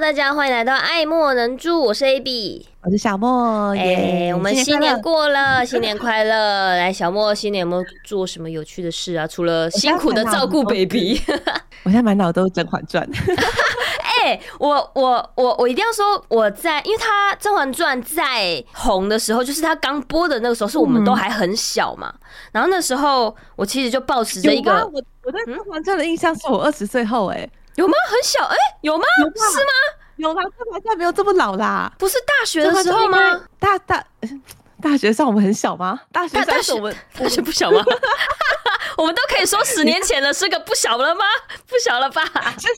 大家歡迎來到愛莫能助，我是 Abby，我是小莫。耶、yeah, 欸，我們新年過了，新年快樂！來，小莫，新年有沒有做什麼有趣的事啊？除了辛苦的照顧 baby，我現在滿腦都是《甄嬛傳》。哎，我我我我一定要說，我在因為他《甄嬛傳》在紅的時候，就是他剛播的那個時候，是我們都還很小嘛、嗯。然後那時候我其實就抱持着一個，我我對《甄嬛傳》的印象是我二十歲後哎、欸。有嗎？很小哎、欸，有嗎有？是嗎？有嗎？他好像沒有這麼老啦。不是大學的時候嗎？大大大學上我們很小嗎？大學上我們大，我大，學大學不小嗎？ 我們都可以說十年前的是個不小了嗎？ 不小了吧？是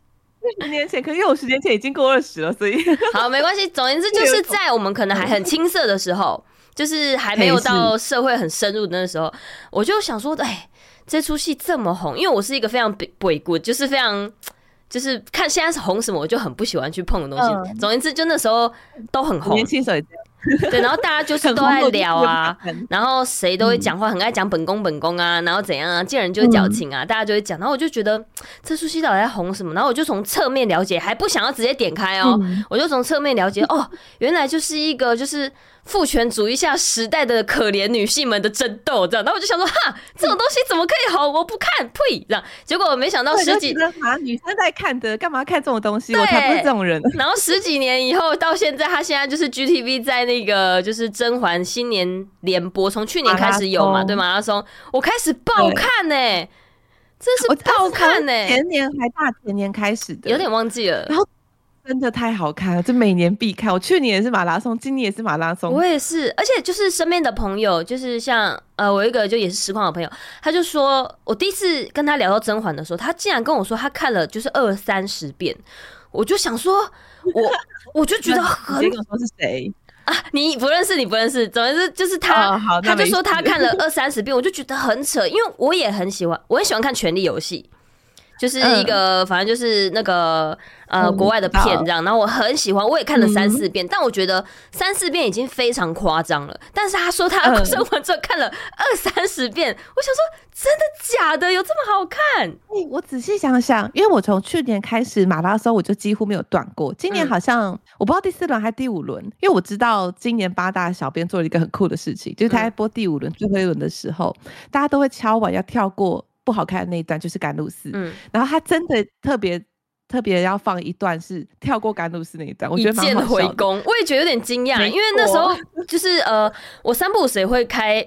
十年前，可是因為我十年前已經過二十了，所以 好沒關係。總之，就是在我們可能還很青澀的時候，就是還沒有到社會很深入的那個時候，我就想說，哎、欸，這齣戲這麼紅，因為我是一個非常北北就是非常。就是看現在是紅什麼，我就很不喜歡去碰的東西。總言之，就那時候都很紅，年輕時候對，然後大家就是都愛聊啊，然後誰都會講話，很愛講本宮本宮啊，然後怎樣啊，見人就會矯情啊，大家就會講。然後我就覺得這齣戲到底在紅什麼？然後我就從側面了解，還不想要直接點開哦、喔，我就從側面了解哦、喔，原來就是一個就是。父權主義下時代的可憐女性們的爭鬥，這樣，然後我就想說，哈，這種東西怎麼可以好、嗯？我不看，呸！這樣，結果我沒想到十幾年，啊，女生在看的，幹嘛看這種東西？我才不是這種人。然後十幾年以後到現在，他現在就是 GTV 在那個就是甄嬛新年聯播，從去年開始有嘛？對嗎，馬拉松，他說我開始爆看呢、欸，真是爆看呢、欸，前年還大前年開始的，有點忘記了。然後。真的太好看了，這每年必看。我去年也是馬拉松，今年也是馬拉松。我也是，而且就是身邊的朋友，就是像呃，我一個就也是實況的朋友，他就說我第一次跟他聊到《甄嬛》的時候，他竟然跟我說他看了就是二三十遍。我就想說，我我就覺得很。 那是誰啊？你不認識？你不認識？總之，就是他、哦，他就說他看了二三十遍，我就覺得很扯。因為我也很喜歡，我也喜歡看《權力遊戲》，就是一個、嗯、反正就是那個。呃、嗯，國外的片這樣，然後我很喜歡，我也看了三四遍，嗯、但我覺得三四遍已經非常誇張了。但是他說他看、嗯、完之後，看了二三十遍，嗯，我想說，真的假的？有這麼好看？我仔細想想，因為我從去年開始馬拉松，我就幾乎沒有斷過。今年好像、嗯、我不知道第四輪還是第五輪，因為我知道今年八大小編做了一個很酷的事情，就是他在播第五輪、嗯、最後一輪的時候，大家都會敲碗要跳過不好看的那一段，就是甘露寺。嗯，然後他真的特別。特別要放一段是跳過甘露寺那一段，一我覺得蠻好笑。我也覺得有點驚訝，因為那時候就是呃，我三不五時會開，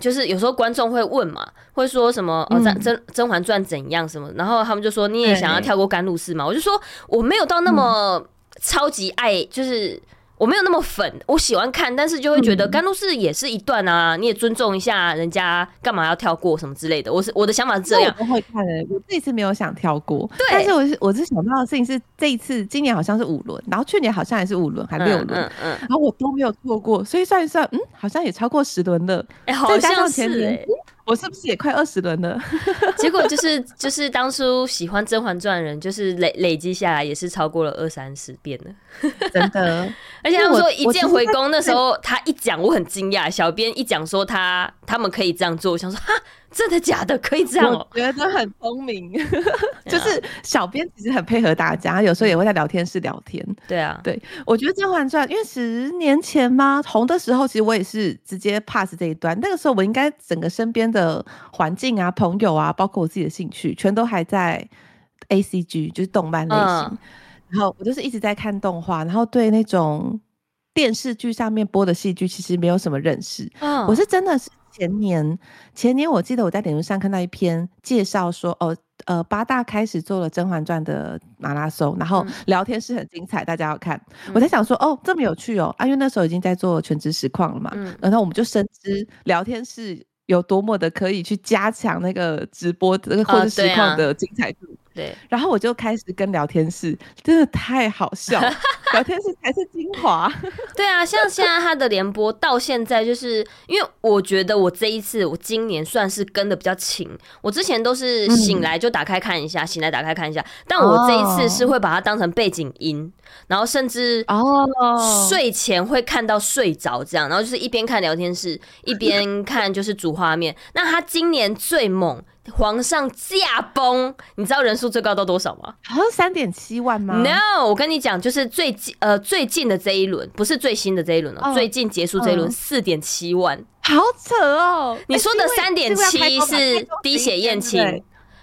就是有時候觀眾會問嘛，會說什麼、嗯、哦《甄甄嬛傳》傳怎樣什麼，然後他們就說你也想要跳過甘露寺嘛、嗯？我就說我沒有到那麼超級愛，就是。我沒有那麼粉，我喜歡看，但是就會覺得甘露寺也是一段啊，嗯，你也尊重一下人家，幹嘛要跳過什麼之類的？我是我的想法是這樣。不會看哎、欸，我這一次沒有想跳過。對。但是我是我是想到的事情是，這一次今年好像是五輪，然後去年好像也是五輪，還六輪，嗯，嗯，嗯，然後我都沒有錯過，所以算一算，嗯，好像也超過十輪了，哎、欸，好像是、欸。我是不是也快二十輪了？ 結果就是，就是當初喜歡《甄嬛傳》的人，就是累累積下來也是超過了二三十遍了， 真的。而且他們說一鍵回宮那時候，他一講我很驚訝，小編一講說他他們可以這樣做，我想說哈。真的假的？可以這樣、哦？我覺得很聰明， 就是小編其實很配合大家，yeah. 有時候也會在聊天室聊天。對啊，對，我覺得《甄嬛傳》因為十年前嘛，紅的時候，其實我也是直接 pass 這一段。那個時候，我應該整個身邊的環境啊、朋友啊，包括我自己的興趣，全都還在 ACG，就是動漫類型。Uh. 然後我就是一直在看動畫，然後對那種電視劇上面播的戲劇，其實沒有什麼認識。嗯、uh.，我是真的是。前年，前年我記得我在點音上看到一篇介紹說，哦，呃，八大開始做了《甄嬛傳》的馬拉松，然後聊天室很精彩，大家要看、嗯。我在想說，哦，這麼有趣哦，啊、因為那時候已經在做全職實況了嘛、嗯，然後我們就深知聊天室有多麼的可以去加強那個直播的個或者實況的精彩度。哦對，然後我就開始跟聊天室，真的太好笑， 聊天室才是精華。 對啊，像現在他的聯播到現在，就是因為我覺得我這一次我今年算是跟得比較勤，我之前都是醒來就打開看一下、嗯，醒來打開看一下，但我這一次是會把它當成背景音，哦、然後甚至哦睡前會看到睡着這樣，然後就是一邊看聊天室，一邊看就是主畫面。 那他今年最猛。皇上駕崩，你知道人數最高到多少嗎？好像三點七萬嗎？No，我跟你講，就是最呃最近的這一輪，不是最新的這一輪了、喔，oh, 最近結束這一輪四點七萬，好扯哦！你說的三點七是滴血驗親，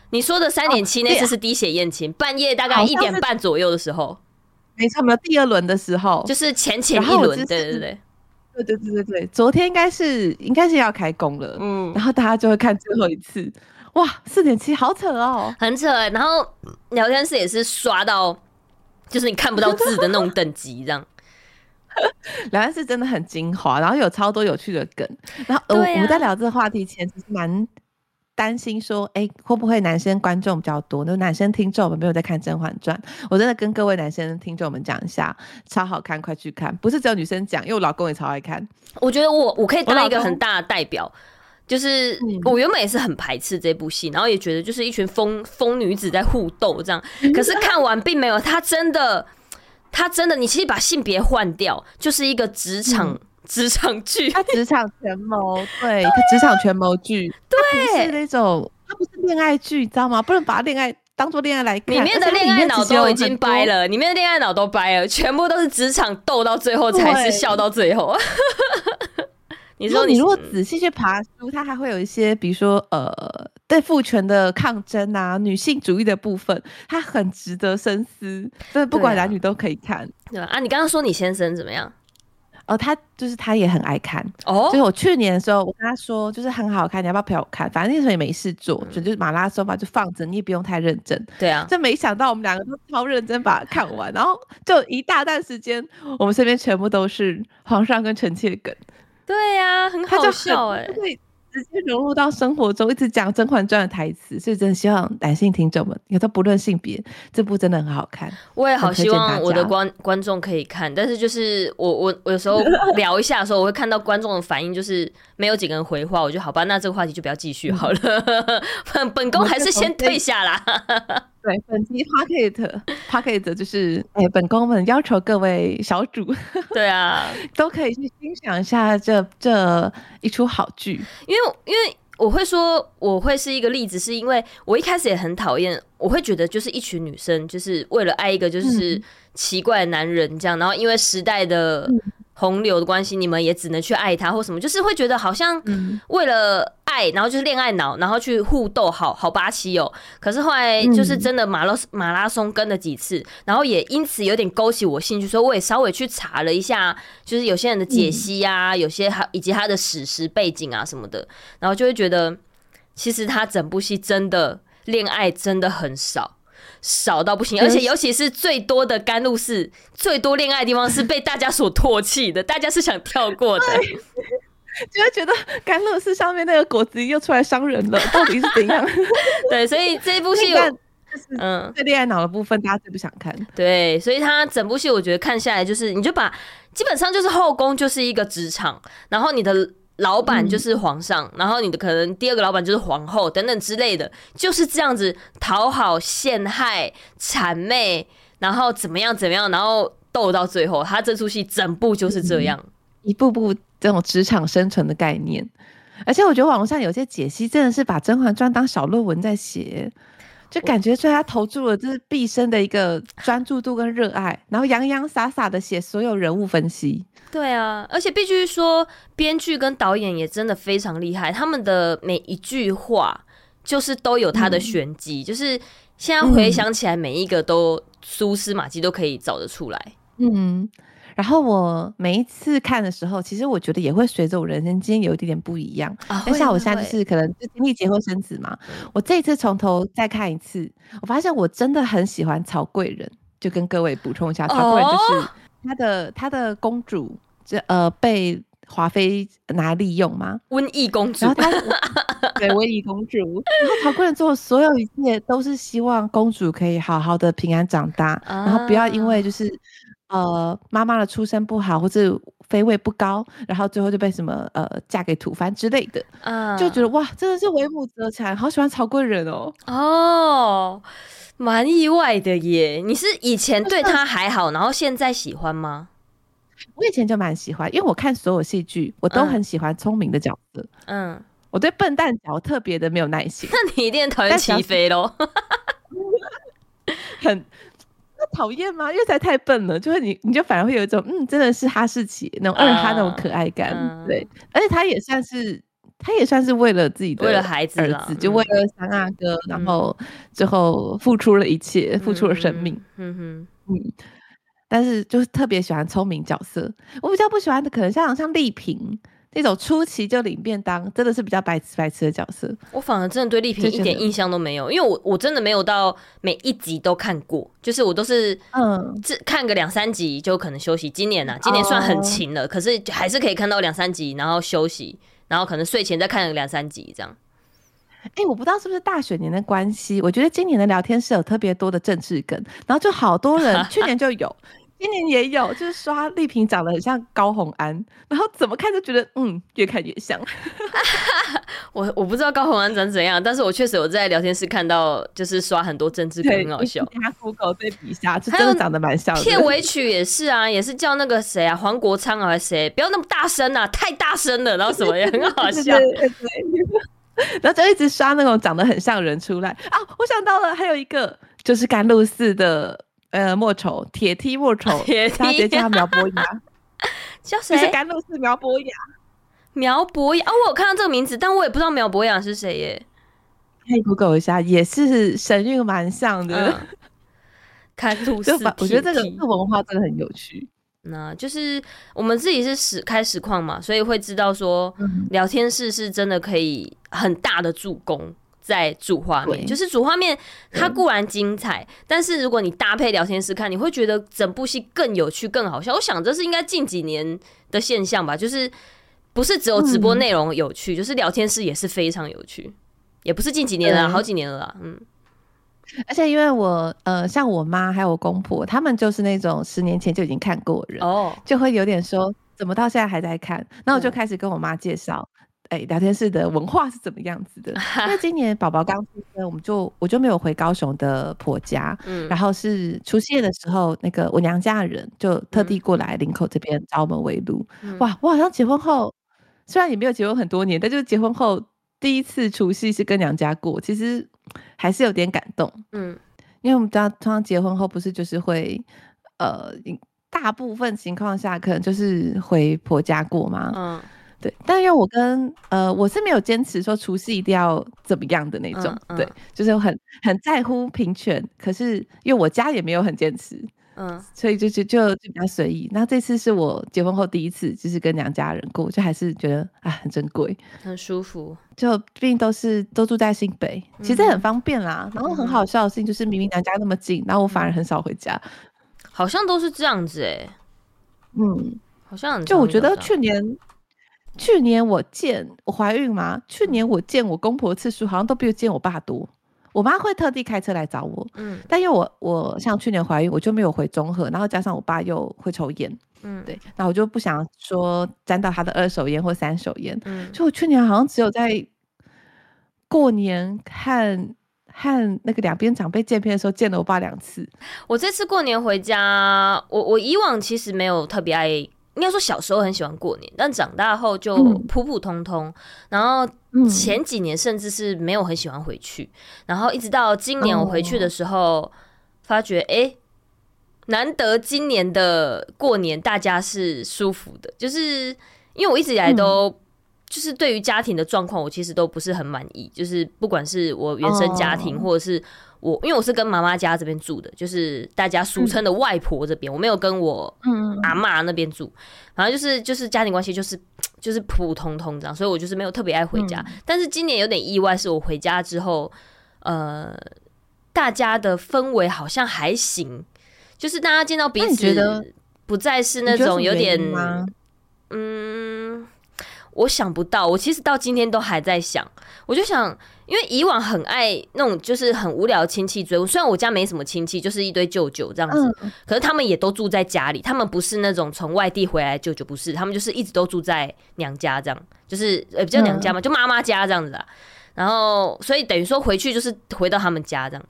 你說的三點七那次是滴血驗、oh, 親、啊，半夜大概一點半左右的時候，沒錯，沒有第二輪的時候，就是前前一輪，對對對，對對對對對，昨天應該是應該是要開工了，嗯，然後大家就會看最後一次。 哇，四點七，好扯哦！很扯，然後聊天室也是刷到，就是你看不到字的那種等級，這樣。 聊天室真的很精華，然後有超多有趣的梗。然後我、啊、我們在聊這個話題前，蠻擔心說，哎、欸，會不會男生觀眾比較多？那男生聽眾們沒有在看《甄嬛傳》，我真的跟各位男生聽眾們講一下，超好看，快去看！不是只有女生講，因為我老公也超愛看。我覺得我我可以當一個很大的代表。就是我原本也是很排斥這部戲，然後也覺得就是一群瘋瘋女子在互鬥這樣。可是看完並沒有，他真的，他真、真的，你其實把性別換掉，就是一個職場、嗯、職場劇，他職場權謀，對他，啊、職場權謀劇，對、啊，對她是那種，他不是戀愛劇，你知道嗎？不能把戀愛當作戀愛來看，裡面的戀愛腦都已經掰了裡，裡面的戀愛腦都掰了，全部都是職場鬥到最後才是笑到最後。 你說你如，你如果仔細去爬書，嗯，它還會有一些，比如說呃，對父權的抗爭啊，女性主義的部分，它很值得深思。對，不管男女都可以看對、啊。對啊，你剛剛說你先生怎麼樣？哦、呃，他就是他也很愛看哦。就是我去年的時候，我跟他說，就是很好看，你要不要陪我看？反正那時候也沒事做，嗯、就就是馬拉松嘛，就放着，你也不用太認真。對啊，就沒想到我們兩個都超認真把它看完， 然後就一大段時間，我們身邊全部都是皇上跟臣妾的梗。對呀、啊，很好笑哎、欸，會直接融入到生活中， 一直講《甄嬛傳》的台詞，所以真的希望男性聽眾們，你看，他不論性別，這部真的很好看。我也好希望我的觀我的觀，觀眾可以看，但是就是我我，我有時候聊一下的時候， 我會看到觀眾的反應，就是沒有幾個人回話，我就好吧，那這個話題就不要繼續好了， 本本宮還是先退下啦。 對， 本期 Pocket Pocket 就是，哎，本宮們要求各位小主 ，對啊，都可以去欣賞一下這這一齣好劇。因為，因為我會說，我會是一個例子，是因為我一開始也很討厭，我會覺得就是一群女生就是為了愛一個就是奇怪的男人這樣，然後因為時代的、嗯，嗯洪流的關係，你們也只能去愛他或什麼，就是會覺得好像為了愛，然後就是戀愛腦，然後去互鬥，好好霸氣哦。可是後來就是真的馬拉馬拉松跟了幾次，然後也因此有點勾起我興趣，所以我也稍微去查了一下，就是有些人的解析呀、啊，有些以及他的史實背景啊什麼的，然後就會覺得其實他整部戲真的戀愛真的很少。少到不行，而且尤其是最多的甘露寺，嗯、最多戀愛的地方是被大家所唾棄的， 大家是想跳過的，就會覺得甘露寺上面那個果子又出來傷人了， 到底是怎樣？ 對，所以這一部戲，就嗯，最戀愛腦的部分，大家最不想看，嗯。對，所以他整部戲我覺得看下來，就是你就把基本上就是後宮就是一個職場，然後你的。老闆就是皇上，嗯，然後你的可能第二個老闆就是皇后等等之類的，就是這樣子討好、陷害、諂媚，然後怎麼樣怎麼樣，然後鬥到最後，他這出戲整部就是這樣，嗯，一步步這種職場生存的概念。而且我覺得網絡上有些解析真的是把《甄嬛傳》當小論文在寫。就感覺，所以他投注了這畢生的一個專注度跟熱愛，然後洋洋灑灑的寫所有人物分析。對啊，而且必須說，編劇跟導演也真的非常厲害，他們的每一句話就是都有他的玄機、嗯，就是現在回想起來，每一個都蛛絲馬跡都可以找得出來。嗯。嗯然後我每一次看的時候，其實我覺得也會隨着我人生經驗有一點點不一樣。哦、但像我下一次可能就經歷結婚生子嘛，對對，我這一次從頭再看一次，我發現我真的很喜歡曹貴人。就跟各位補充一下，曹貴人就是、哦、他的他的公主，這呃被華妃拿利用嗎？溫宜公主， 對溫宜公主， 然後曹貴人做的所有一切都是希望公主可以好好的平安長大，啊、然後不要因為就是。呃，媽媽的出身不好，或是妃位不高，然後最後就被什麼呃嫁給吐蕃之類的，嗯、uh,，就覺得哇，真的是為母則強，好喜歡曹貴人哦、喔。哦，蠻意外的耶。你是以前對他還好，就是、然後現在喜歡嗎？我以前就蠻喜歡，因為我看所有戲劇，我都很喜歡聰明的角色。嗯、uh, uh,，我對笨蛋角特別的沒有耐心。 那你一定討厭齊妃嘍。 很。討厭嗎？因為他太笨了，就是你，你就反而會有一種，嗯，真的是哈士奇那種二哈那種可愛感，啊、對、嗯。而且他也算是，他也算是為了自己的，為了孩子了，就為了三阿哥、嗯，然後最後付出了一切，嗯、付出了生命。嗯哼，嗯。但是就是特別喜歡聰明角色，我比較不喜歡的可能像像麗嬪。那種初期就領便當，真的是比較白痴白痴的角色。我反而真的對麗嬪一點印象都沒有，因為我我真的沒有到每一集都看過，就是我都是嗯，看個兩三集就可能休息。今年呢、啊，今年算很勤了、哦，可是還是可以看到兩三集，然後休息，然後可能睡前再看兩三集這樣。哎、欸，我不知道是不是大選年的關係，我覺得今年的聊天室有特別多的政治梗，然後就好多人， 去年就有。今年也有，就是刷麗嬪長得很像高虹安，然後怎麼看都覺得嗯，越看越像。 我我不知道高虹安長怎樣，但是我確實有在聊天室看到，就是刷很多政治片，很好笑。Google 對比一下，真的長得蠻像。片尾曲也是啊，也是叫那個誰啊，黃國昌還是誰？不要那麼大聲啊，太大聲了，然後什麼也很好笑。 對對對對，然後就一直刷那種長得很像人出來啊，我想到了，還有一個就是甘露寺的。呃，莫愁，鐵梯莫愁，鐵直接叫他苗博雅，叫 誰？就是甘露寺苗博雅，苗博雅。哦，我有看到這個名字，但我也不知道苗博雅是誰耶。可以 Google 一下，也是神韻蠻像的。開吐司吧。我覺得這個文化真的很有趣。那就是我們自己是實開實況嘛，所以會知道說、嗯，聊天室是真的可以很大的助攻。在主畫面，就是主畫面，它固然精彩，但是如果你搭配聊天室看，你會覺得整部戲更有趣，更好笑。我想這是應該近幾年的現象吧，就是不是只有直播內容有趣、嗯，就是聊天室也是非常有趣，也不是近幾年了啦，好幾年了啦。嗯，而且因為我呃，像我媽還有我公婆，他們就是那種十年前就已經看過人，哦、就會有點說、嗯、怎麼到現在還在看。那我就開始跟我媽介紹。嗯哎、欸，聊天室的文化是怎麼樣子的？因、嗯、為今年寶寶剛出生，我們就我就沒有回高雄的婆家，嗯，然後是除夕夜的時候，那個我娘家人就特地過來林口這邊找我們圍爐、嗯。哇，我好像結婚後，雖然也沒有結婚很多年，但就是結婚後第一次除夕是跟娘家過，其實還是有點感動，嗯，因為我們知道通常結婚後不是就是會，呃，大部分情況下可能就是回婆家過嘛，嗯。對，但是因為我跟呃，我是沒有堅持說除夕一定要怎麼樣的那種，嗯嗯、對，就是很很在乎平權。可是因為我家也沒有很堅持，嗯，所以就就就就比較隨意。那這次是我結婚後第一次就是跟娘家人過，就還是覺得啊很珍貴，很舒服。就畢竟都是都住在新北，其實很方便啦、嗯。然後很好笑的事情就是明明娘家那麼近，然後我反而很少回家，好像都是這樣子哎、欸。嗯，好像就我覺得去年。去年我見我懷孕嘛，去年我見我公婆的次數好像都比我見我爸多。我媽會特地開車來找我，嗯，但因為我我像去年懷孕，我就沒有回中和，然後加上我爸又會抽菸，嗯，對，然後我就不想說沾到他的二手菸或三手菸，嗯，所以我去年好像只有在過年和和那個兩邊長輩見面的時候見了我爸兩次。我這次過年回家，我我以往其實沒有特別愛，應該說小時候很喜歡過年，但長大後就普普通通。嗯、然後前幾年甚至是沒有很喜歡回去，嗯、然後一直到今年我回去的時候，發覺哎、哦欸，難得今年的過年大家是舒服的，就是因為我一直以來都、嗯、就是對於家庭的狀況，我其實都不是很滿意，就是不管是我原生家庭或者是、哦。我因為我是跟媽媽家這邊住的，就是大家俗稱的外婆這邊，我沒有跟我阿嬤那邊住，反正就是就是家庭關係就是就是普普通通這樣，所以我就是沒有特別愛回家。但是今年有點意外，是我回家之後，呃，大家的氛圍好像還行，就是大家見到彼此覺得不再是那種有點，嗯。我想不到，我其實到今天都還在想，我就想，因為以往很愛那種就是很無聊的親戚追我，雖然我家沒什麼親戚，就是一堆舅舅這樣子、嗯，可是他們也都住在家裡，他們不是那種從外地回來舅舅，不是，他們就是一直都住在娘家這樣，就是呃比較、欸、娘家嘛，嗯、就媽媽家這樣子啦。然後所以等於說回去就是回到他們家這樣，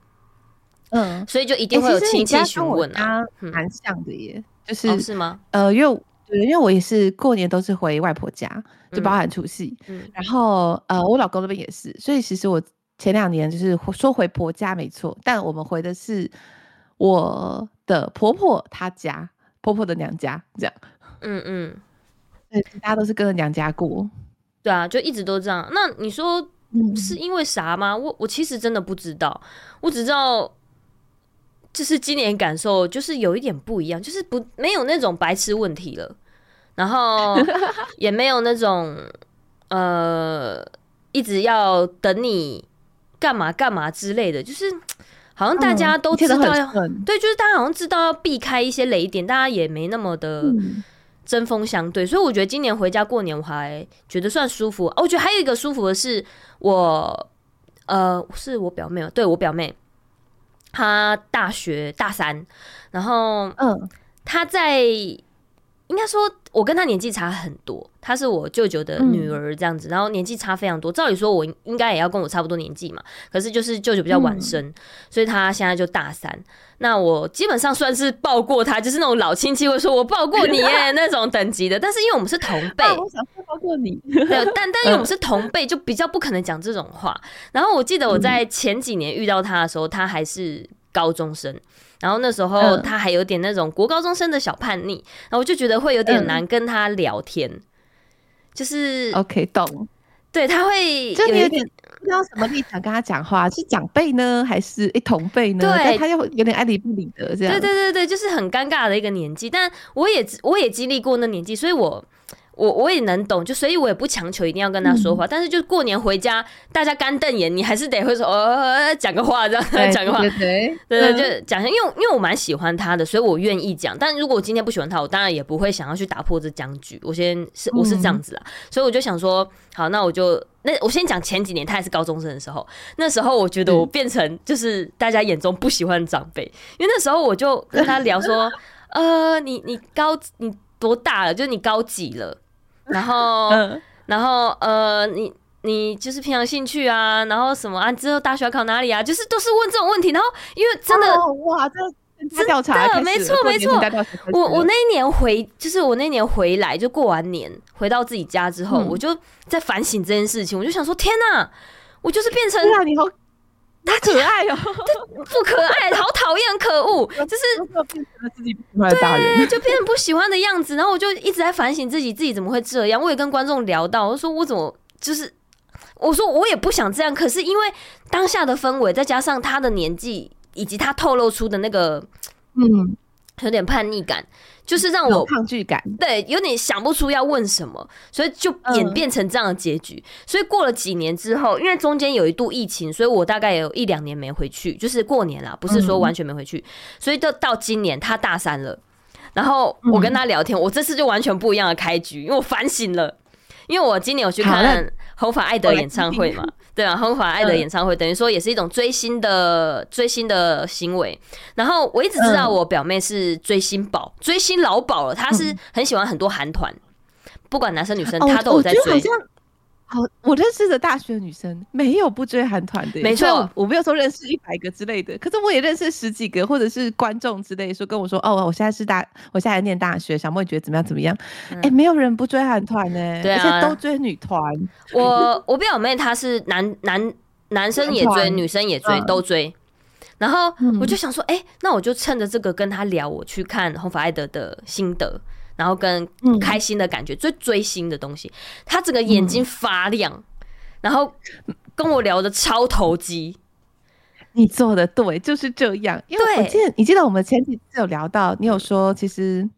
嗯，所以就一定會有親戚詢問啊，蠻、欸、像，像的耶，嗯、就是、哦、是嗎？呃，因為。對，因為我也是過年都是回外婆家，就包含除夕。嗯嗯。然後，呃，我老公那邊也是，所以其實我前兩年就是說回婆家沒錯，但我們回的是我的婆婆她家，婆婆的娘家，這樣。嗯嗯，對，大家都是跟着娘家過。對啊，就一直都這樣。那你說是因為啥嗎？嗯。我我其實真的不知道，我只知道就是今年感受就是有一點不一樣，就是不，沒有那種白痴問題了。 然後也沒有那種呃，一直要等你幹嘛幹嘛之類的就是，好像大家都知道要，嗯，對，就是大家好像知道要避開一些雷點，大家也沒那麼的針鋒相對，嗯，所以我覺得今年回家過年我還覺得算舒服。哦，我覺得還有一個舒服的是，我呃是我表妹，對我表妹，她大學大三，然後嗯，她在應該說，我跟他年紀差很多，他是我舅舅的女兒這樣子，嗯、然後年紀差非常多。照理說，我應該也要跟我差不多年紀嘛。可是就是舅舅比較晚生，嗯，所以他現在就大三。那我基本上算是抱過他，就是那種老親戚會說我抱過你耶那種等級的。但是因為我們是同輩，啊、我想抱過你。 對，但但因為我們是同輩，就比較不可能講這種話，嗯。然後我記得我在前幾年遇到他的時候，他還是高中生。然後那時候他還有點那種國高中生的小叛逆，嗯、然後我就覺得會有點難跟他聊天，嗯、就是 OK 懂，對他會有就你有點要 什麼立場跟他講話，是長輩呢還是一同輩呢？對他又有點愛理不理的這樣，對對對對，就是很尷尬的一個年紀。但我也我也經歷過那年紀，所以我。我我也能懂，就所以我也不強求一定要跟他說話、嗯，但是就過年回家，大家乾瞪眼，你還是得會說呃、哦、講個話這樣講個話，對對，對，就講一下、嗯。因為因為我蠻喜歡他的，所以我願意講。但如果我今天不喜歡他，我當然也不會想要去打破這僵局。我先是我是這樣子啊、嗯，所以我就想說，好，那我就那我先講前幾年他還是高中生的時候，那時候我覺得我變成就是大家眼中不喜歡的長輩、嗯，因為那時候我就跟他聊說， 呃，你你高你多大了？就是你高幾了？ 然後，然後，呃，你你就是平常興趣啊，然後什麼啊？之後大學考哪裡啊？就是都是問這種問題。然後，因為真的，哦哦哇，這調查，沒錯沒錯。我我那一年回，就是我那年回來，就過完年回到自己家之後、嗯，我就在反省這件事情。我就想說，天哪、啊，我就是變成。天啊，你好他可愛哦、喔，他不可愛， 好討討厭厭， 可惡惡， 就是變成自己就變成不喜歡的樣子。然後我就一直在反省自己，自己怎麼會這樣？我也跟觀眾聊到，我說我怎麼就是，我說我也不想這樣，可是因為當下的氛圍，再加上他的年紀，以及他透露出的那個，嗯，有點叛逆感。就是讓我有抗拒感，對，有點想不出要問什麼，所以就演變成這樣的結局。所以過了幾年之後，因為中間有一度疫情，所以我大概有一兩年沒回去，就是過年啦，不是說完全沒回去。所以到到今年他大三了，然後我跟他聊天，我這次就完全不一樣的開局，因為我反省了。因為我今年有去看紅髮艾德的演唱會嘛，對啊，紅髮艾德的演唱會等於說也是一種追星的追星的行為。然後我一直知道我表妹是追星寶，追星老寶了，她，是很喜歡很多韓團，不管男生女生，她都有在追。嗯。嗯嗯哦、我認識的大學女生沒有不追韓團的，沒錯。我沒有說認識一百個之類的，可是我也認識十幾個，或者是觀眾之類說跟我說哦，我現在是大，我現在念大學，小墨覺得怎麼樣怎麼樣？哎、嗯欸，沒有人不追韓團呢，而且都追女團。我我表妹她是男男男生也追，女生也追，嗯，都追。然後我就想說，哎、欸，那我就趁着這個跟她聊，我去看紅髮艾德的心得。然後跟開心的感覺，嗯、最追星的東西，他整個眼睛發亮，嗯、然後跟我聊得超投機。你做的對，就是這樣。因為我記得，你記得我們前幾次有聊到，你有說其實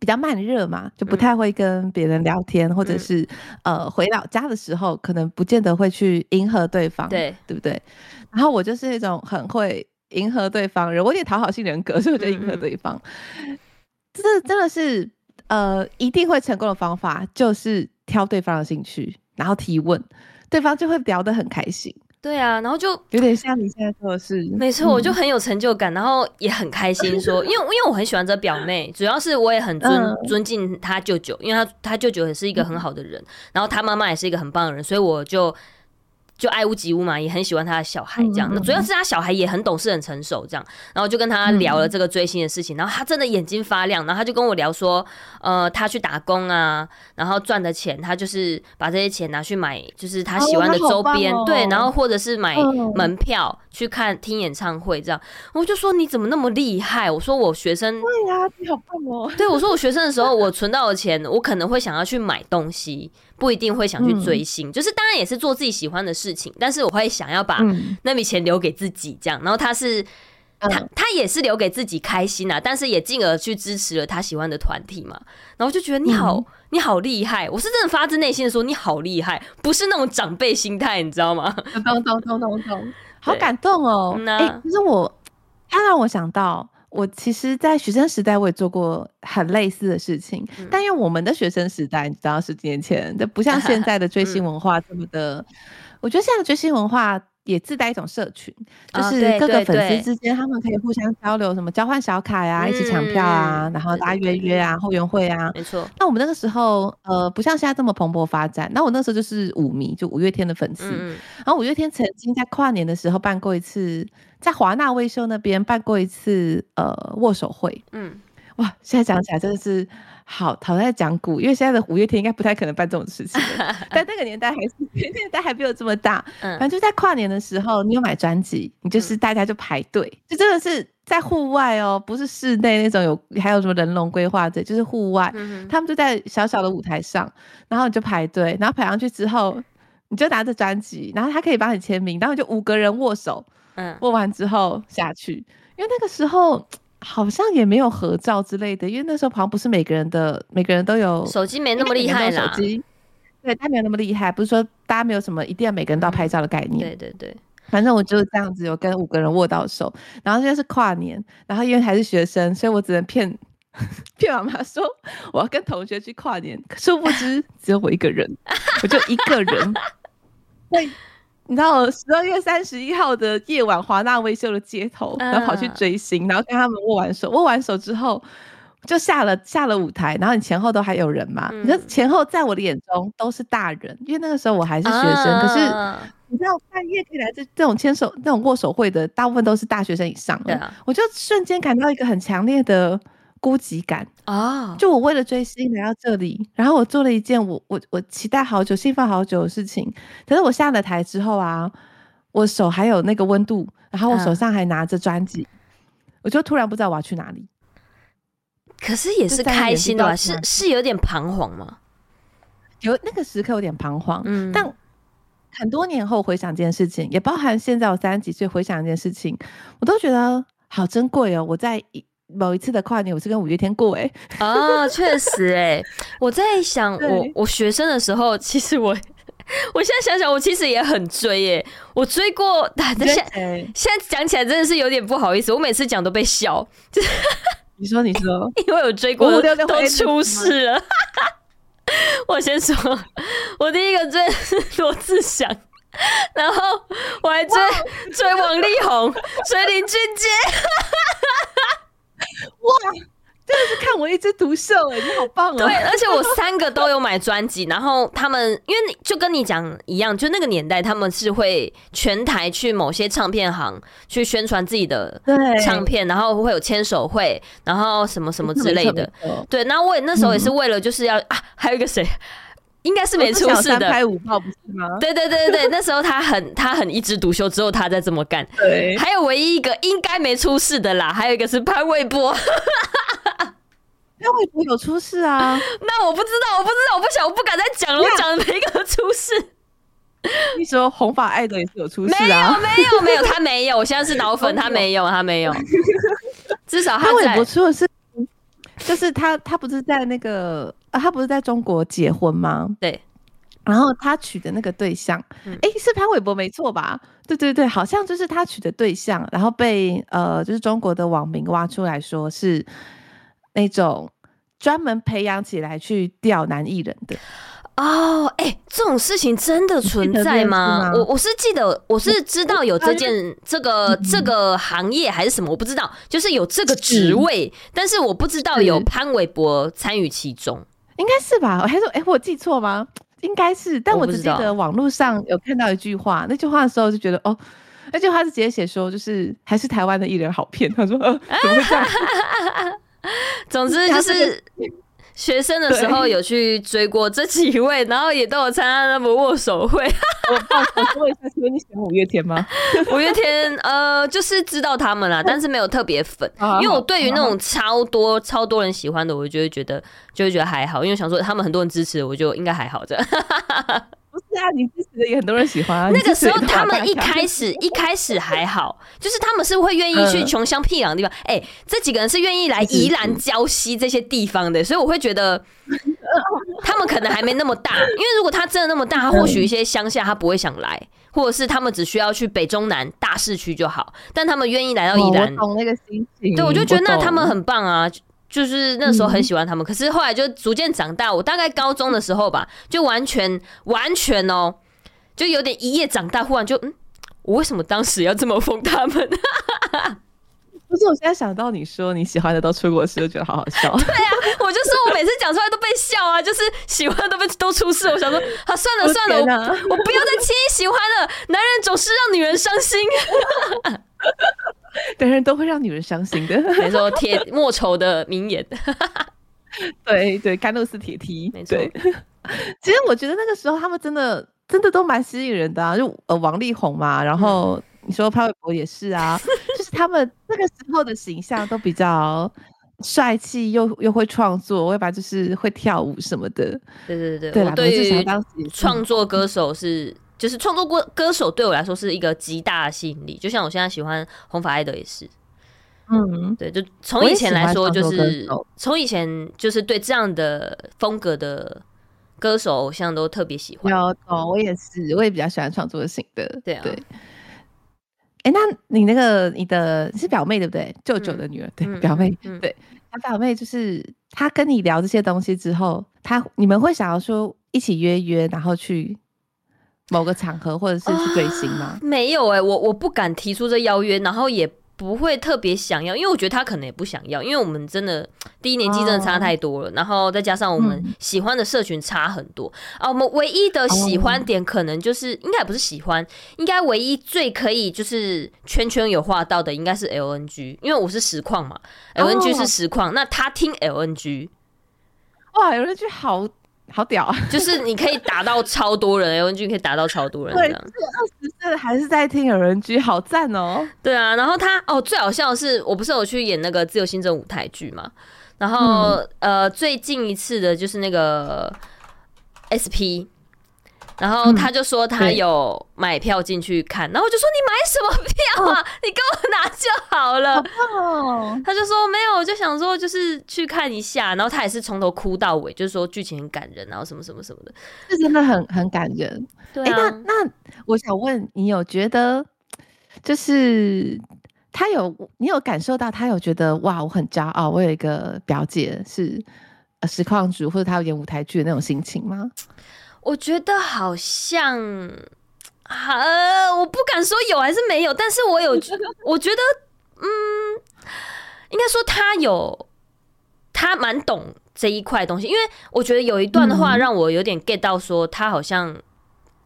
比較慢熱嘛，就不太會跟別人聊天，嗯、或者是、嗯、呃回老家的時候，可能不見得會去迎合對方，對對不對？然後我就是那種很會迎合對方人，我有點討好型人格，所以我就迎合對方。嗯嗯這真的是，呃，一定會成功的方法就是挑對方的興趣，然後提問，對方就會聊得很開心。對啊，然後就有點像你現在做的事，沒錯、嗯，我就很有成就感，然後也很開心。說， 因為因為我很喜歡這表妹， 主要是我也很尊、嗯、尊敬她舅舅，因為她她舅舅也是一個很好的人，然後她媽媽也是一個很棒的人，所以我就。就愛屋及烏嘛，也很喜歡他的小孩這樣。那主要是他小孩也很懂事、很成熟這樣。然後就跟他聊了這個追星的事情，然後他真的眼睛發亮，然後他就跟我聊說，呃，他去打工啊，然後賺的錢，他就是把這些錢拿去買，就是他喜歡的周邊，對，然後或者是買門票去看聽演唱會這樣。我就說你怎麼那麼厲害？我說我學生對呀，你好棒哦。對我說我學生的時候，我存到的錢，我可能會想要去買東西。不一定會想去追星，嗯，就是當然也是做自己喜歡的事情，嗯、但是我會想要把那筆錢留給自己這樣。然後他是，嗯、他他也是留給自己開心啊，嗯、但是也進而去支持了他喜歡的團體嘛。然後就覺得你好，嗯、你好厲害，我是真的發自內心的說你好厲害，不是那種長輩心態，你知道嗎動動動動動？好感動哦！那其實、欸、我他讓我想到，我其實，在學生時代我也做過很類似的事情，嗯、但因為我們的學生時代，你知道十幾年前，就不像現在的追星文化這麼的、 嗯。我覺得現在的追星文化。也自帶一種社群，就是各個粉絲之間，他們可以互相交流，什麼交換小卡呀、啊嗯，一起搶票啊，然後大家約約啊、嗯，後援會啊，沒錯。那我們那個時候，呃，不像現在這麼蓬勃發展。那我那時候就是五迷，就五月天的粉絲、嗯。然後五月天曾經在跨年的時候辦過一次，在華納威秀那邊辦過一次呃握手會。嗯，哇，現在講起來真的是。好，淘汰講古。因為現在的五月天應該不太可能辦這種事情。 但那個年代還是，年代還沒有這麼大。嗯、反正就在跨年的時候，你有買專輯，你就是、嗯、大家就排隊，就真的是在戶外哦、喔，不是室內那種有還有什麼人龍規劃的，就是戶外、嗯。他們就在小小的舞台上，然後你就排隊，然後排上去之後，嗯、你就拿着專輯，然後他可以幫你簽名，然後就五個人握手，嗯，握完之後下去，嗯、因為那個時候。好像也沒有合照之類的，因為那時候好像不是每個人的每個人都有手機，沒那麼厲害啦。手機。對，他沒有那麼厲害，不是說大家沒有什麼一定要每個人都要拍照的概念。嗯，對對對，反正我就是這樣子，有跟五個人握到手，然後現在是跨年，然後因為還是學生，所以我只能騙騙媽媽說我要跟同學去跨年，可殊不知 只有我一個人，我就一個人。 對。你知道，十二月三十一號的夜晚，華納威秀的街頭，然後跑去追星，uh, 然後跟他們握完手，握完手之後就下了下了舞台，然後你前後都還有人嘛，嗯？你說前後在我的眼中都是大人，因為那個時候我還是學生。Uh. 可是你知道半夜進來這這種牽手，這種握手會的，大部分都是大學生以上。的，yeah. 我就瞬間感到一個很強烈的。孤寂感啊！就我為了追星來到這裡，哦、然後我做了一件我我我期待好久、興奮好久的事情。可是我下了台之後啊，我手還有那個溫度，然後我手上還拿着專輯，我就突然不知道我要去哪裡。可是也是開心的，是是，的是，是有點彷徨嗎？有那個時刻有點彷徨。嗯，但很多年後回想這件事情，也包含現在我三十幾歲回想一件事情，我都覺得好珍貴哦、喔。我在一。某一次的跨年，我是跟五月天過哎、欸、啊、哦，確實哎、欸， 我在想我我學生的時候，其實我我現在想想，我其實也很追哎、欸，我追過，啊、但現在現在講起來真的是有點不好意思，我每次講都被笑。 你說你說，因為我追過我都出事了。我先說，我第一個追羅志祥，然後我還追追王力宏，追 林俊傑。 哇，真的是看我一枝獨秀哎，你好棒哦、喔！對，而且我三個都有買專輯， 然後他們因為就跟你講一樣，就那個年代他們是會全台去某些唱片行去宣傳自己的唱片，然後會有簽手會，然後什麼什麼之類的。的對，那我也那時候也是為了就是要、嗯、啊，還有一個誰？應該是沒出事的，拍五號不是嗎？對對對對 那時候他很他很一枝獨秀，之後他再這麼幹。還有唯一一個應該沒出事的啦，還有一個是潘瑋柏。 潘瑋柏有出事啊？ 那我不知道，我不知道，我不想，我不敢再講了。我講的每一個出事。 你說紅髮艾德也是有出事啊？ 沒有沒有，沒有他沒有，我現在是腦粉他，他沒有他沒有。 至少他潘瑋柏出的是，就是他他不是在那個。啊，他不是在中國結婚嗎？對，然後他娶的那個對象，哎、嗯、欸，是潘瑋柏沒錯吧？對對對，好像就是他娶的對象，然後被呃，就是中國的網民挖出來說是那種專門培養起來去釣男藝人的哦，哎、欸，這種事情真的存在嗎？嗎我我是記得，我是知道有這件這個、嗯、這個行業還是什麼，我不知道，就是有這個職位、嗯，但是我不知道有潘瑋柏參與其中。應該是吧？我還說，哎、欸，我記錯嗎？應該是，但我只記得網絡上有看到一句話，那句話的時候就覺得，哦，那句話是直接寫說，就是還是台灣的藝人好騙。 他說，哦、呃，怎麼會這樣？ 總之就是。學生的時候有去追過這幾位，然後也都有參加他們握手會。 我補充一下，說你喜歡五月天嗎？ 五月天，呃，就是知道他們啦，但是沒有特別粉、嗯，因為我對於那種超多超多人喜歡的，我就會覺得就會覺得還好，因為想說他們很多人支持，我就應該還好。哈。 不是啊，你支持的也很多人喜歡。啊。那個時候他們一開始 一開始還好，就是他們是會願意去窮鄉僻壤的地方。哎、嗯欸，這幾個人是願意來宜蘭、礁溪這些地方的，所以我會覺得他們可能還沒那麼大。 因為如果他真的那麼大，他或許一些鄉下他不會想來、嗯，或者是他們只需要去北中南大市區就好。但他們願意來到宜蘭、哦，我懂那個心情，對，我就覺得那他們很棒啊。就是那時候很喜歡他們，嗯、可是後來就逐漸長大。我大概高中的時候吧，就完全、嗯、完全哦，就有點一夜長大。忽然就嗯，我為什麼當時要這麼瘋他們？不 是，我現在想到你說你喜歡的都出過事，就覺得好好笑。 對呀、啊，我就說我每次講出來都被笑啊，就是喜歡的都被都出事。我想說啊，算了算了，我我，我不要再輕易喜歡了。 男人總是讓女人傷心。 但 是都會讓女人傷心的。 沒錯，鐵莫愁的名言。 對對，甘露寺鐵梯。沒錯，對 其實我覺得那個時候他們真的真的都蠻吸引人的啊，就呃王力宏嘛，然後、嗯、你說潘瑋柏也是啊， 就是他們那個時候的形象都比較帥氣，又會創又,又會創作，要不然就是會跳舞什麼的。對對對，對啦，我是想當創作歌手是。 就是創作過歌、歌手對我來說是一個極大的吸引力，就像我現在喜歡紅髮艾德也是，嗯，對，就從以前來說，就是從以前就是對這樣的風格的歌手偶像都特別喜歡。嗯、對哦，我也是，我也比較喜歡創作型的。對、啊，哎、欸，那你那個你的你是表妹對不對、嗯？舅舅的女兒，對、嗯、表妹，嗯、對，她表妹就是她跟你聊這些東西之後，她你們會想要說一起約約，然後去。某個場合或者是去追星嗎、哦？沒有哎、欸，我我不敢提出這邀約，然後也不會特別想要，因為我覺得他可能也不想要，因為我們真的第一年紀真的差太多了、哦，然後再加上我們喜歡的社群差很多、嗯、啊。我們唯一的喜歡點可能就是，哦哦、應該也不是喜歡，應該唯一最可以就是圈圈有畫到的應該是 L N G，因為我是實況嘛，L N G 是實況、哦，那他聽 L N G，哇，有那句好。好屌、啊，就是你可以打到超多人，有人居可以打到超多人這樣。 對，這個二十是還是在聽有人居，好讚哦。對啊，然後他哦，最好笑的是，我不是有去演那個《自由行政》舞台劇嘛，然後、嗯、呃，最近一次的就是那個 SP。然後他就說他有買票進去看，嗯，然後我就說，你買什麼票啊？Oh. 你給我拿就好了。Oh. 他就說沒有，我就想說就是去看一下。然後他也是從頭哭到尾，就是說劇情很感人，然後什麼什麼什麼的，這真的很很感人。對啊，欸、那，那我想問你，有覺得就是他有你有感受到他有覺得哇，我很驕傲，我有一個表姐是、呃、實況主，或者他演舞台劇的那種心情嗎？我覺得好像，呃、啊，我不敢說有還是沒有，但是我有，我覺得，嗯，應該說他有，他蠻懂這一塊東西，因為我覺得有一段的話讓我有點 get 到，說他好像嗯嗯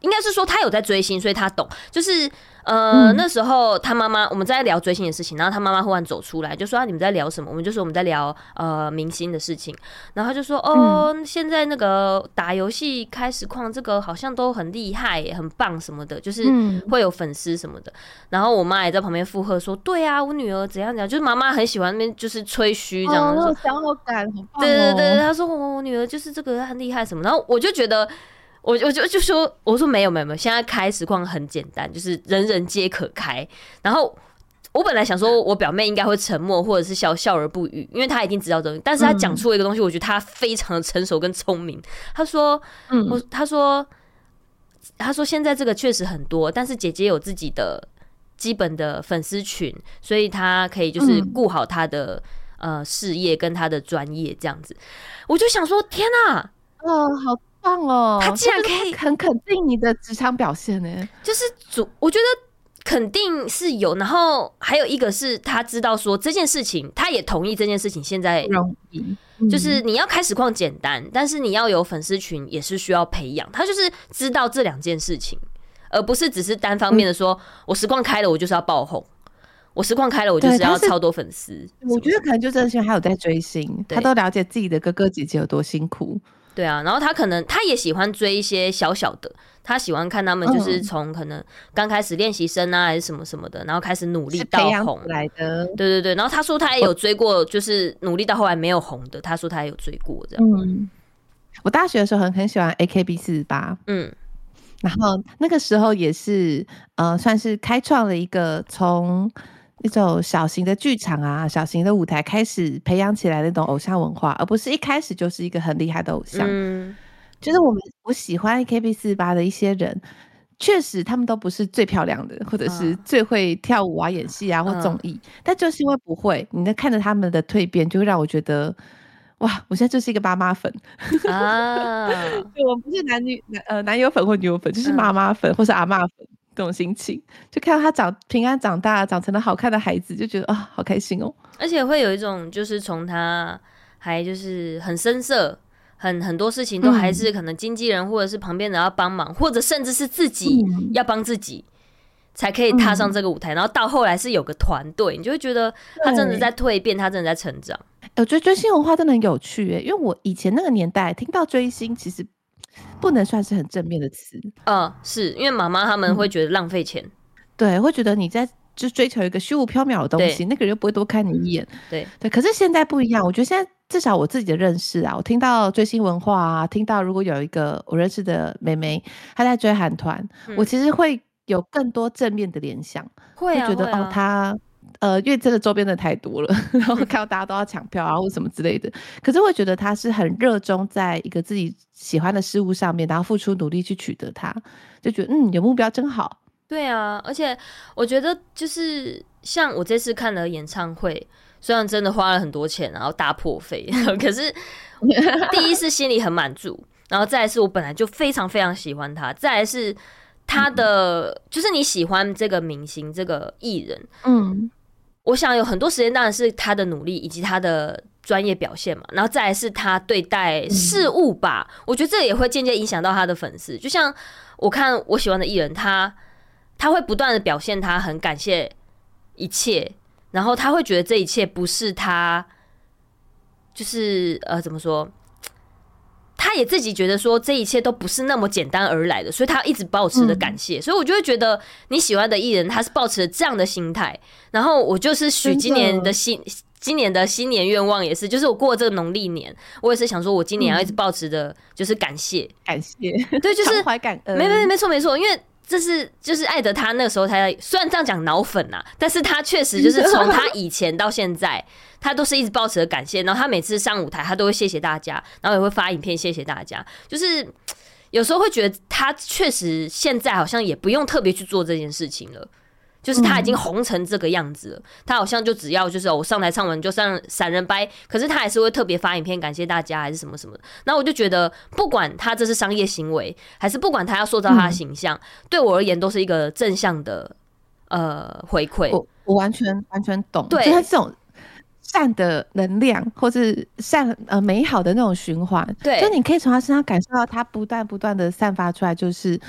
應該是說他有在追星，所以他懂，就是。呃、嗯，那時候他媽媽我們在聊追星的事情，然後他媽媽忽然走出來就說、啊：“你們在聊什麼？”我們就說我們在聊呃明星的事情，然後他就說：“哦、嗯，現在那個打遊戲開實況這個好像都很厲害，很棒什麼的，就是會有粉絲什麼的。嗯”然後我媽也在旁邊附和說：“對啊，我女兒怎樣怎樣，就是媽媽很喜歡那邊就是吹噓這樣子，哦、我想我感很棒、哦，對對對。”他說、哦：“我女兒就是這個很厲害什麼。”然後我就覺得。我我就就說我說沒有沒有沒有，現在開實況很簡單，就是人人皆可開。然後我本來想說，我表妹應該會沉默或者是笑笑而不語，因為她已經知道這，但是她講出了一個東西，我覺得她非常的成熟跟聰明。她說，嗯，我她說，她說現在這個確實很多，但是姐姐有自己的基本的粉絲群，所以她可以就是顧好她的呃事業跟她的專業這樣子。我就想說，天吶，哦，好。棒哦，他竟然可以是不是很肯定你的職場表現呢？就是主，我覺得肯定是有。然後還有一個是他知道說，這件事情，他也同意這件事情。現在，嗯嗯、就是你要開實況簡單，嗯，但是你要有粉絲群也是需要培養。他就是知道這兩件事情，而不是只是單方面的說，嗯，我實況開了我就是要爆紅，我實況開了我就是要超多粉絲。我覺得可能就真心還有在追星，他都了解自己的哥哥姐姐有多辛苦。對啊，然後他可能他也喜歡追一些小小的，他喜歡看他們就是從可能剛開始練習生啊、嗯、還是什麼什麼的，然後開始努力到紅來的。對對對，然後他說他也有追過，就是努力到後來沒有紅的，他說他也有追過這樣、嗯。我大學的時候很，很喜歡 A K B 四十八，嗯，然後那個時候也是呃算是開創了一個從。一種小型的劇場啊，小型的舞台開始培養起來的那種偶像文化，而不是一開始就是一個很厲害的偶像。嗯，就是我們我喜歡 KB48 的一些人，確實他們都不是最漂亮的，或者是最會跳舞啊、啊演戲啊或綜藝、嗯，但就是因為不會，你呢看着他們的蛻變，就會讓我覺得哇，我現在就是一個媽媽粉啊， 對我不是男女男呃男友粉或女友粉，就是媽媽粉或是阿嬤粉。這種心情，就看到他長平安長大，長成了好看的孩子，就覺得啊、哦，好開心哦！而且會有一種，就是從他還就是很生澀，很很多事情都還是可能經紀人或者是旁邊人要幫忙、嗯，或者甚至是自己要幫自己、嗯，才可以踏上這個舞台。嗯、然後到後來是有個團隊，你就會覺得他真，他真的在蛻變，他真的在成長。我覺得追星文化真的很有趣誒、欸，因為我以前那個年代聽到追星，其實。不能算是很正面的詞，嗯、呃，是因為媽媽他們會覺得浪費錢、嗯，對，會覺得你在就追求一個虛無縹緲的東西，那個人又不會多看你一眼，對對。可是現在不一樣，我覺得現在至少我自己的認識啊，我聽到追星文化啊，聽到如果有一個我認識的妹妹她在追韓團、嗯，我其實會有更多正面的聯想會、啊，會覺得會、啊、哦她。呃，因為真的周邊的太多了，然後看到大家都要搶票，啊或什麼之類的， 可是會覺得他是很熱衷在一個自己喜歡的事物上面，然後付出努力去取得他就覺得嗯，有目標真好。對啊，而且我覺得就是像我這次看了演唱會，雖然真的花了很多錢，然後大破費，可是第一是心裡很滿足， 然後再來是，我本來就非常非常喜歡他，再來是他的、嗯、就是你喜歡這個明星，這個藝人，嗯。我想有很多時間當然是他的努力以及他的專業表現嘛，然後再來是他對待事物吧。我覺得這也會間接影響到他的粉絲。就像我看我喜歡的藝人，他他會不斷的表現他很感謝一切，然後他會覺得這一切不是他，就是呃怎麼說？他也自己覺得說這一切都不是那麼簡單而來的，所以他一直保持着感謝。嗯、所以，我就會覺得你喜歡的藝人他是保持這樣的心態。然後，我就是許今年的新的今年的新年願望也是，就是我過了這個農曆年，我也是想說我今年要一直保持的，就是感謝，感、嗯、謝，對，就是 懷感恩。沒沒沒錯沒錯，因為。這是就是艾德，他那個時候，他雖然這樣講腦粉吶、啊，但是他確實就是從他以前到現在，他都是一直抱持着感謝。然後他每次上舞台，他都會謝謝大家，然後也會發影片謝謝大家。就是有時候會覺得他確實現在好像也不用特別去做這件事情了。就是他已經紅成這個樣子了，嗯,他好像就只要就是我，喔，上台唱完就上閃人掰。可是他還是會特別發影片感謝大家，還是什麼什麼。那我就覺得，不管他這是商業行為，還是不管他要塑造他的形象，嗯，對我而言都是一個正向的呃回饋。我完全完全懂，對，就是這種善的能量，或是善呃美好的那種循環。對，就你可以從他身上感受到他不斷不斷的散發出來，就是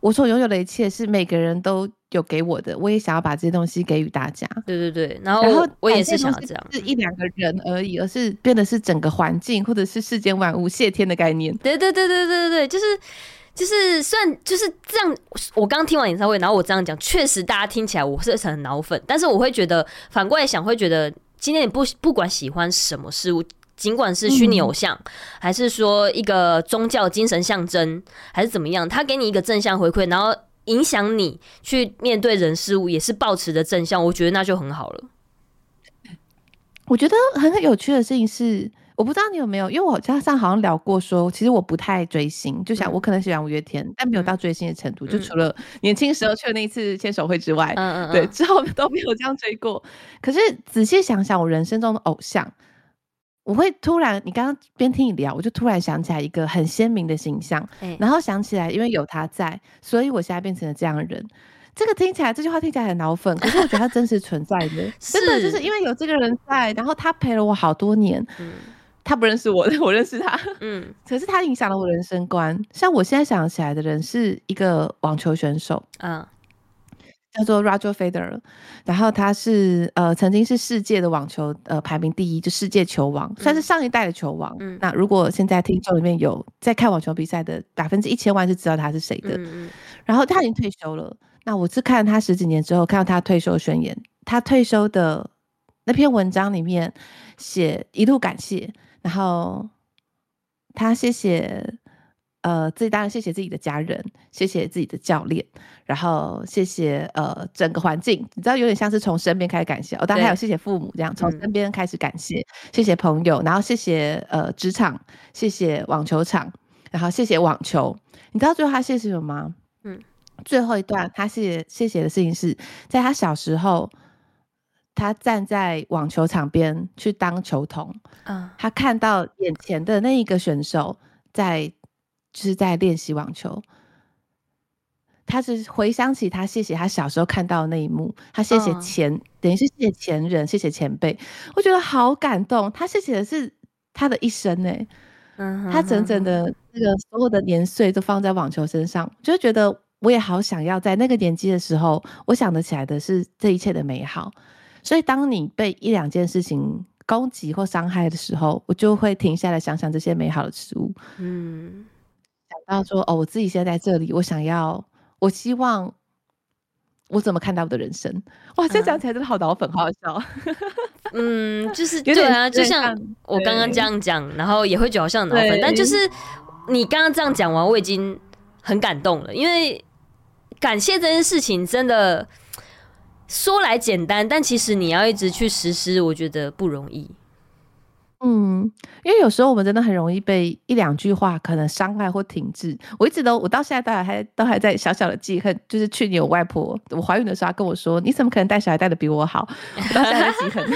我所擁有的一切是每個人都有給我的，我也想要把這些東西給予大家。對對對，然後，然後我也是想要這樣，不是一兩個人而已，而是變得是整個環境或者是世間萬物謝天的概念。對對對對對對，對，對就是就是算就是這樣。我剛聽完演唱會，然後我這樣講，確實大家聽起來我是很腦粉，但是我會覺得反過來想，會覺得今天你不不管喜歡什麼事物，儘管是虛擬偶像、嗯，還是說一個宗教精神象徵，還是怎麼樣，他給你一個正向回饋，然後。影響你去面對人事物也是保持著正向，我覺得那就很好了。我覺得很,很有趣的事情是，我不知道你有沒有，因為我加上好像聊過說，其實我不太追星，就想、嗯、我可能喜歡五月天，但沒有到追星的程度，嗯、就除了年輕時候去了那一次簽售會之外，嗯嗯，對，之後都沒有這樣追過。可是仔細想想，我人生中的偶像。我會突然，你剛剛邊聽你聊，我就突然想起來一個很鮮明的形象，然後想起來，因為有他在，所以我現在變成了這樣的人。這個聽起來，這句話聽起來很腦粉， 可是我覺得它真實存在的，真的就是因為有這個人在，然後他陪了我好多年。嗯，他不認識我，我認識他。嗯，可是他影響了我人生觀。像我現在想起來的人是一個網球選手。嗯。叫做 Roger Federer，然後他是呃曾經是世界的網球呃排名第一，就世界球王，算是上一代的球王。嗯，那如果現在聽眾裡面有在看網球比賽的，百分之一千萬是知道他是誰的。嗯嗯。然後他已經退休了。那我是看了他十幾年之後，看到他退休宣言，他退休的那篇文章裡面寫一路感謝，然後他謝謝。呃，自己當然謝謝自己的家人，謝謝自己的教練，然後謝謝呃整個環境，你知道有點像是從身邊開始感謝，哦，當然還有謝謝父母這樣，從身邊開始感謝，嗯，謝謝朋友，然後謝謝呃職場，謝謝網球場，然後謝謝網球。你知道最後他謝謝什麼嗎？嗯，最後一段他謝謝謝的事情是在他小時候，他站在網球場邊去當球童，嗯，他看到眼前的那一個選手在。就是在練習網球。他是回想起他謝謝他小時候看到的那一幕，他謝謝前、哦、等於是謝謝前人，謝謝前輩，我覺得好感動。他謝謝的是他的一生呢、嗯。他整整的那個所有的年歲都放在網球身上，就覺得我也好想要在那個年紀的時候，我想得起來的是這一切的美好。所以當你被一兩件事情攻擊或傷害的時候，我就會停下來想想這些美好的事物，嗯。然後說哦，我自己現在在這裡，我想要，我希望，我怎麼看待我的人生？哇，這講起來真的好腦粉、嗯，好好笑。 嗯，就是對啊，就像我剛剛這樣講，然後也會覺得好像腦粉，但就是你剛剛這樣講完，我已經很感動了，因為感謝這件事情真的說來簡單，但其實你要一直去實施，我覺得不容易。嗯，因為有時候我們真的很容易被一兩句話，可能傷害或停滯。我一直都，我到現在都還都還在小小的記恨，就是去年我外婆我懷孕的時候，她跟我說：“你怎麼可能帶小孩帶的比我好？”我到現在記恨。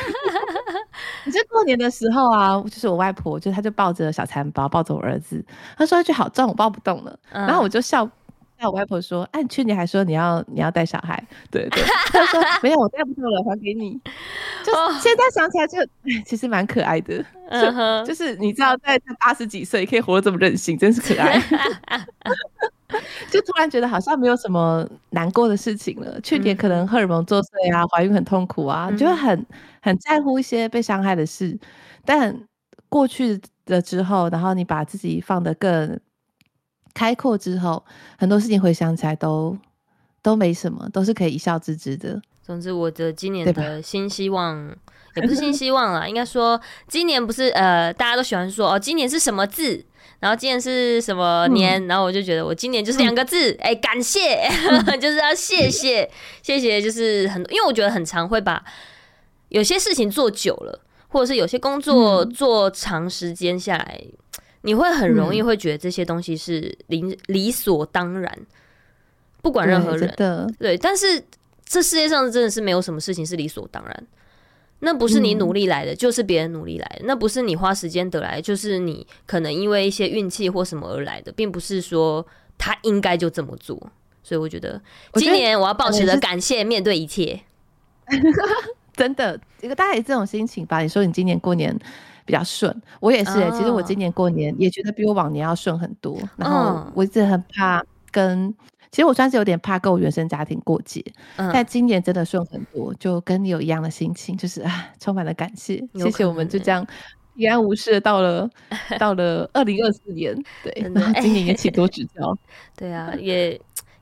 你在 過年的時候啊，就是我外婆，就她就抱着小蠶包，抱着我兒子，她說一句：“好重，我抱不動了。嗯”然後我就笑。那我外婆說：“哎、啊，去年還說你要你要帶小孩，對對，她 說 沒有我帶不出來，還給你。就現在想起來就，就、oh. 其實蠻可愛的。嗯、uh、哼 -huh.，就是你知道，在八十幾歲可以活得這麼任性，真是可愛。 就突然覺得好像沒有什麼難過的事情了。嗯、去年可能荷爾蒙作祟啊，懷孕很痛苦啊，嗯、就會很很在乎一些被傷害的事。但過去了之後，然後你把自己放得更。”開闊之後，很多事情回想起來都都沒什麼，都是可以一笑置之的。總之，我的今年的新希望也不是新希望了， 應該說今年不是呃，大家都喜歡說哦，今年是什麼字，然後今年是什麼年，嗯、然後我就覺得我今年就是兩個字，哎、嗯欸，感謝，嗯、 就是要謝謝、嗯、謝謝，就是很多，因為我覺得很常會把有些事情做久了，或者是有些工作做長時間下來。嗯你會很容易會覺得這些東西是理、嗯、理所當然，不管任何人。真的。對，但是這世界上真的是沒有什麼事情是理所當然。那不是你努力來的，嗯、就是別人努力來的；那不是你花時間得來的，就是你可能因為一些運氣或什麼而來的，並不是說他應該就這麼做。所以我覺得，我覺得今年我要保持着感謝面對一切。 真的，一個大概這種心情吧？你說你今年過年，比較順，我也是，欸。Oh. 其實我今年過年也覺得比我往年要順很多。Oh. 然後我一直很怕跟，oh. 其實我算是有點怕跟我原生家庭過節。Oh. 但今年真的順很多，就跟你有一樣的心情，就是啊， 充滿了感謝。謝謝，我們就這樣，平安無事的到了 到了二零二四年。對， 今年也請多指教。 對啊，也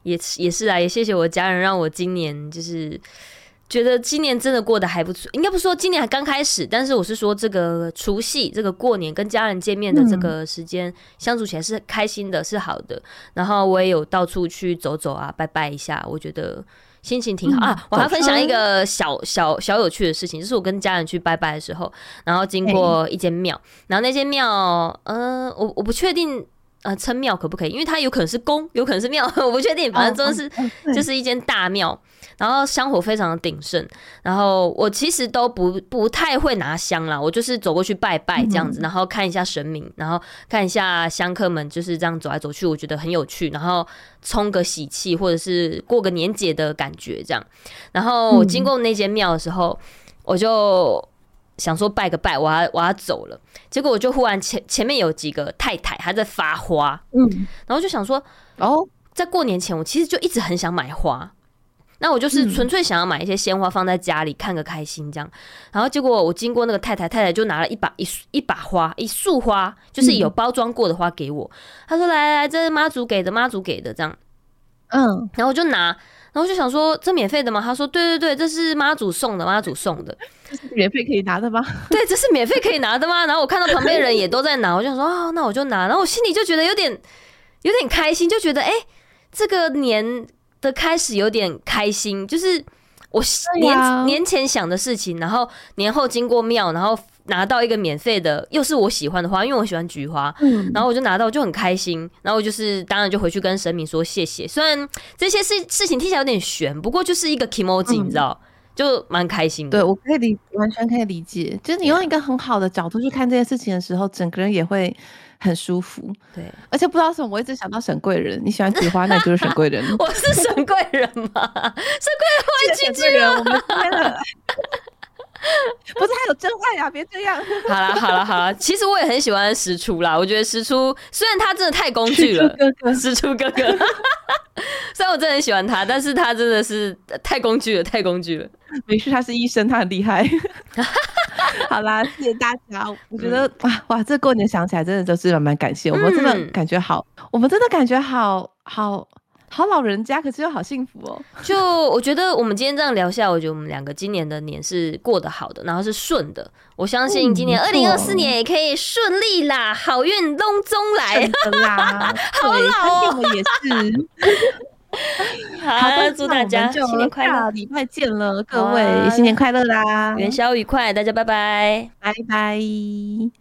也也是啊，也謝謝我家人讓我今年就是。覺得今年真的過得還不錯，應該不說今年還剛開始，但是我是說這個除夕這個過年跟家人見面的這個時間相處起來是開心的，是好的。然後我也有到處去走走啊，拜拜一下，我覺得心情挺好啊。我還分享一個小小小，小有趣的事情，就是我跟家人去拜拜的時候，然後經過一間廟，然後那間廟，嗯，我我不確定。呃，稱廟可不可以？因為它有可能是宮，有可能是廟，我不確定。反正真的是就是一間大廟，然後香火非常的鼎盛。然後我其實都不不太會拿香啦，我就是走過去拜拜這樣子，然後看一下神明，然後看一下香客們就是這樣走來走去，我覺得很有趣。然後沖個喜氣，或者是過個年節的感覺這樣。然後我經過那間廟的時候，mm -hmm. 我就。想說拜個拜，我要我要走了。結果我就忽然前前面有幾個太太，還在發花，嗯，然後就想說哦，在過年前我其實就一直很想買花。那我就是純粹想要買一些鮮花放在家裡看個開心這樣。然後結果我經過那個太太，太，太太就拿了一把一束一把花，一束花就是有包裝過的花給我。她說來來來，這是媽祖給的，媽祖給的這樣。嗯，然後我就拿。然後就想說，這免費的嗎？他說，對對對，這是媽祖送的，媽祖送的，這是免費可以拿的嗎？ 對，這是免費可以拿的嗎？然後我看到旁邊人也都在拿， 我就想說啊、哦，那我就拿。然後我心裡就覺得有點有點開心，就覺得哎、欸，這個年的開始有點開心，就是我年、啊、年前想的事情，然後年後經過廟，然後。拿到一個免費的，又是我喜歡的花，因為我喜歡菊花。嗯，然後我就拿到，就很開心。然後我就是，當然就回去跟神明說謝謝。雖然這些事事情聽起來有點玄，不過就是一個 kimochi，你知道，嗯、就蠻開心的。對，我可以理，完全可以理解。就是你用一個很好的角度去看這些事情的時候，yeah. 整個人也會很舒服。對，而且不知道什麼我一直想到沈貴人，你喜歡菊花，那 就是沈貴人。 我是沈貴人嗎？沈貴人、啊、人，我也是沈貴人。 不是，還有真愛呀，啊！別這樣。 好了，好了，好了。其實我也很喜歡實初啦。我覺得實初雖然他真的太工具了，實初哥哥。哥哥 雖然我真的很喜歡他，但是他真的是太工具了，太工具了。沒事，他是醫生，他很厲害。 好啦，謝謝大家。我覺得哇，嗯，哇，這過年想起來真的就是蠻感謝我們，真的感覺好，我們真的感覺好，嗯、感覺好。好好老人家，可是又好幸福哦。就我覺得，我們今天這樣聊下，我覺得我們兩個今年的年是過得好的，然後是順的。我相信今年二零二四年也可以順利啦，好運龍總來好老，哦，也是。 好，好，祝大家新年快樂，你快見了各位，新年快樂啦，元宵愉快，大家拜拜，拜拜。